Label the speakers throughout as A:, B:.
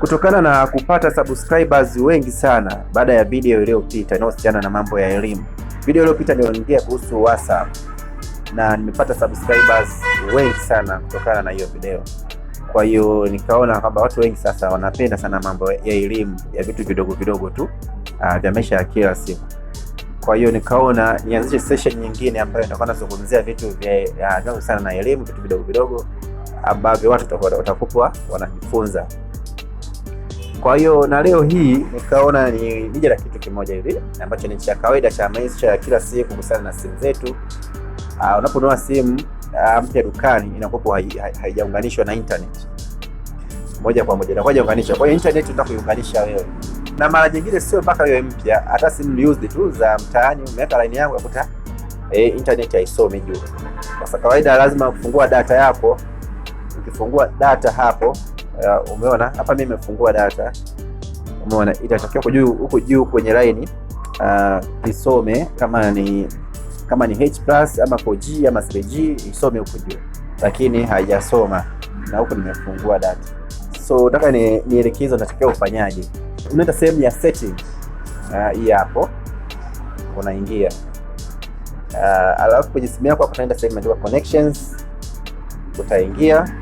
A: kutokana na kupata subscribers wengi sana baada ya video iliyopita inayohusiana na mambo ya elimu. Video iliyopita niliongea kuhusu WhatsApp na nimepata subscribers wengi sana kutokana na hiyo video. Kwa hiyo nikaona kwamba watu wengi sasa wanapenda sana mambo ya elimu ya vitu vidogo vidogo tu ah, vya maisha ya kila siku. Kwa hiyo nikaona nianzishe session nyingine ambayo nitakuwa nazungumzia vitu ah, sana na elimu, vitu vidogo vidogo ambavyo watu watakuwa wanajifunza. Kwa hiyo na leo hii nikaona ni nija na kitu kimoja hivi ambacho ni cha kawaida cha maisha ya kila siku kuhusiana na simu zetu. Uh, unaponunua simu uh, mpya dukani inakuwa haijaunganishwa hai, hai, na internet moja kwa moja inakuwa haijaunganishwa. Kwa hiyo internet unataka wewe, na mara nyingine sio mpaka wewe mpya, hata simu used tu za mtaani, umeweka line yangu unakuta eh, internet haisomi juu. Sasa kawaida lazima kufungua data yako, ukifungua data hapo Uh, umeona hapa mimi nimefungua data, umeona itatakiwa kwa juu huko juu kwenye line ah, isome uh, kama ni kama ni H+ ama 4G ama 3G isome huko juu, lakini haijasoma na huko nimefungua data. So nataka ni nielekeze natakiwa ufanyaje. Unaenda sehemu ya settings ah, hii uh, hapo unaingia uh, alafu kwenye simu yako hapo unaenda sehemu ya connections utaingia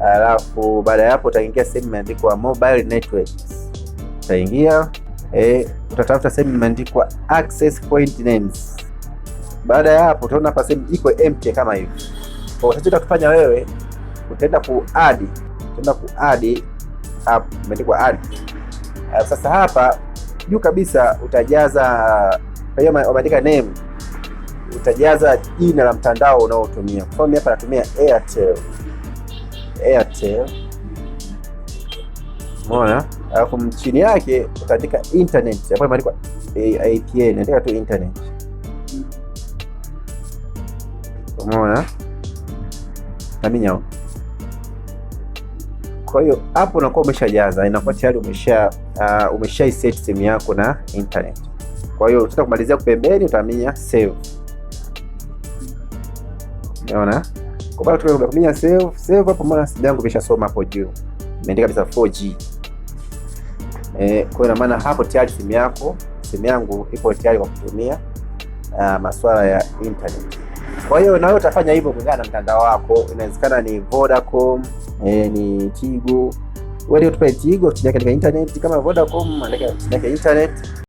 A: alafu baada ya hapo utaingia sehemu imeandikwa mobile networks, utaingia e, utatafuta sehemu imeandikwa access point names. Baada ya hapo utaona hapa sehemu iko empty kama hivi. Kwa utachotaka kufanya wewe utaenda ku add, utaenda ku add app imeandikwa add. Ah, sasa hapa juu kabisa utajaza, kwa hiyo umeandika name, utajaza jina la mtandao unaotumia. Kwa mimi hapa natumia Airtel Airtel, umeona. Alafu chini yake utaandika internet ambayo imeandikwa ATN, andika tu internet, umeona naminyao. Kwa hiyo hapo unakuwa umeshajaza, inakuwa tayari umesha uh, umesha iset simu yako na internet. Kwa hiyo tuta kumalizia kupembeni, utaminya save, umeona. Kwa maana tunatumia save, save hapo maana simu yangu imeshasoma hapo juu. Imeandika kabisa 4G. Eh, kwa hiyo maana hapo tayari simu yako, simu yangu ipo tayari kwa kutumia uh, masuala ya internet. Kwa hiyo na wewe utafanya hivyo kulingana na mtandao wako. Inawezekana ni Vodacom, eh, ni Tigo. Wewe tupe Tigo, tunaika katika internet kama Vodacom, tunaika internet.